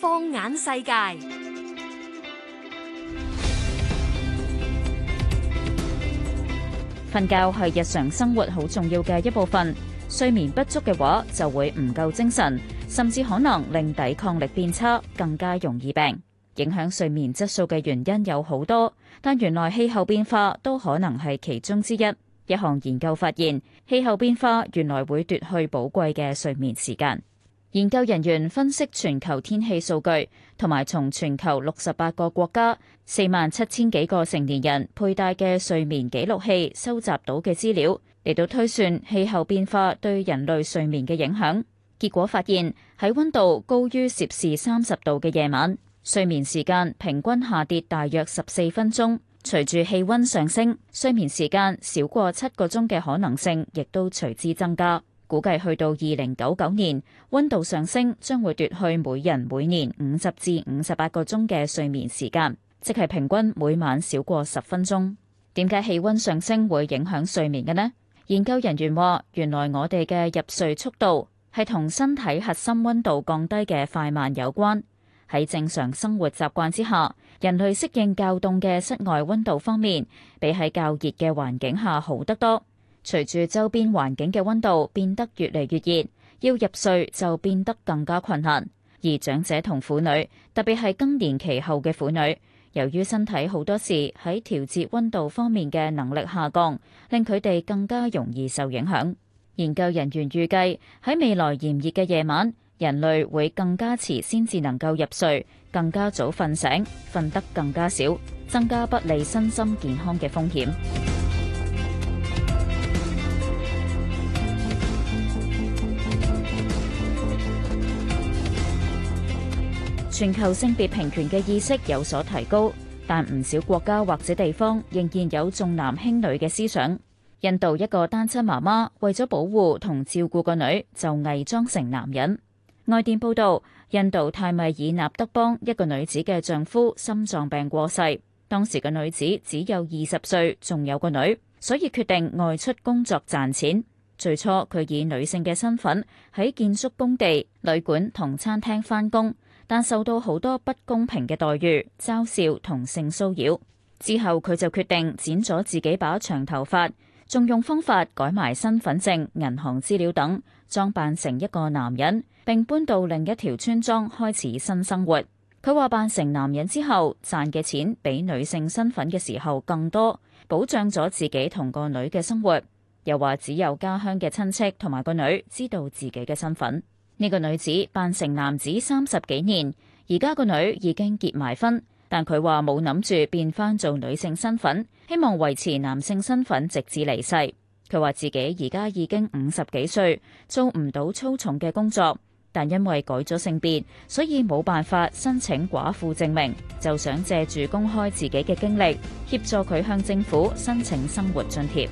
放眼世界，瞓覺係日常生活好重要嘅一部分。睡眠不足嘅話，就會唔夠精神，甚至可能令抵抗力變差，更加容易病。影響睡眠質素嘅原因有好多，但原來氣候變化都可能係其中之一。一項研究發現，氣候變化原來會奪去寶貴嘅睡眠時間。研究人員分析全球天氣數據，同埋從全球六十八個國家四萬七千幾個成年人佩戴嘅睡眠記錄器收集到嘅資料，嚟到推算氣候變化對人類睡眠嘅影響。結果發現，喺温度高於攝氏三十度嘅夜晚，睡眠時間平均下跌大約十四分鐘。隨住氣溫上升，睡眠時間少過七個鐘嘅可能性亦都隨之增加。估計去到二零九九年，溫度上升將會奪去每人每年五十至五十八個鐘嘅睡眠時間，即係平均每晚少過十分鐘。點解氣溫上升會影響睡眠嘅呢？研究人員話，原來我哋嘅入睡速度係同身體核心溫度降低嘅快慢有關。喺正常生活習慣之下，人類適應較凍嘅室外溫度方面，比喺較熱嘅環境下好得多。隨住周邊環境嘅溫度變得越嚟越熱，要入睡就變得更加困難。而長者同婦女，特別係更年期後嘅婦女，由於身體好多時喺調節溫度方面嘅能力下降，令佢哋更加容易受影響。研究人員預計，喺未來炎熱嘅夜晚，人類會更加遲先至能夠入睡，更加早瞓醒，瞓得更加少，增加不利身心健康嘅風險。全球性別平權嘅意識有所提高，但唔少國家或者地方仍然有重男輕女嘅思想。印度一個單親媽媽為咗保護同照顧個女，就偽裝成男人。外電報道，印度泰米爾納德邦一個女子嘅丈夫心臟病過世，當時嘅女子只有二十歲，仲有個女，所以決定外出工作賺錢。最初佢以女性嘅身份喺建築工地、旅館同餐廳翻工，但受到好多不公平嘅待遇、嘲笑同性騷擾。之後佢就決定剪咗自己把長頭髮，仲用方法改埋身份證、銀行資料等，裝扮成一個男人。並搬到另一條村莊開始新生活。佢話扮成男人之後賺嘅錢比女性身份嘅時候更多，保障咗自己同個女嘅生活。又話只有家鄉嘅親戚同埋個女知道自己嘅身份。呢個女子扮成男子三十幾年，而家個女已經結埋婚，但佢話冇諗住變翻做女性身份，希望維持男性身份直至離世。佢話自己而家已經五十幾歲，做唔到粗重嘅工作。但因為改咗性別，所以冇辦法申請寡婦證明，就想借助公開自己嘅經歷，協助佢向政府申請生活津貼。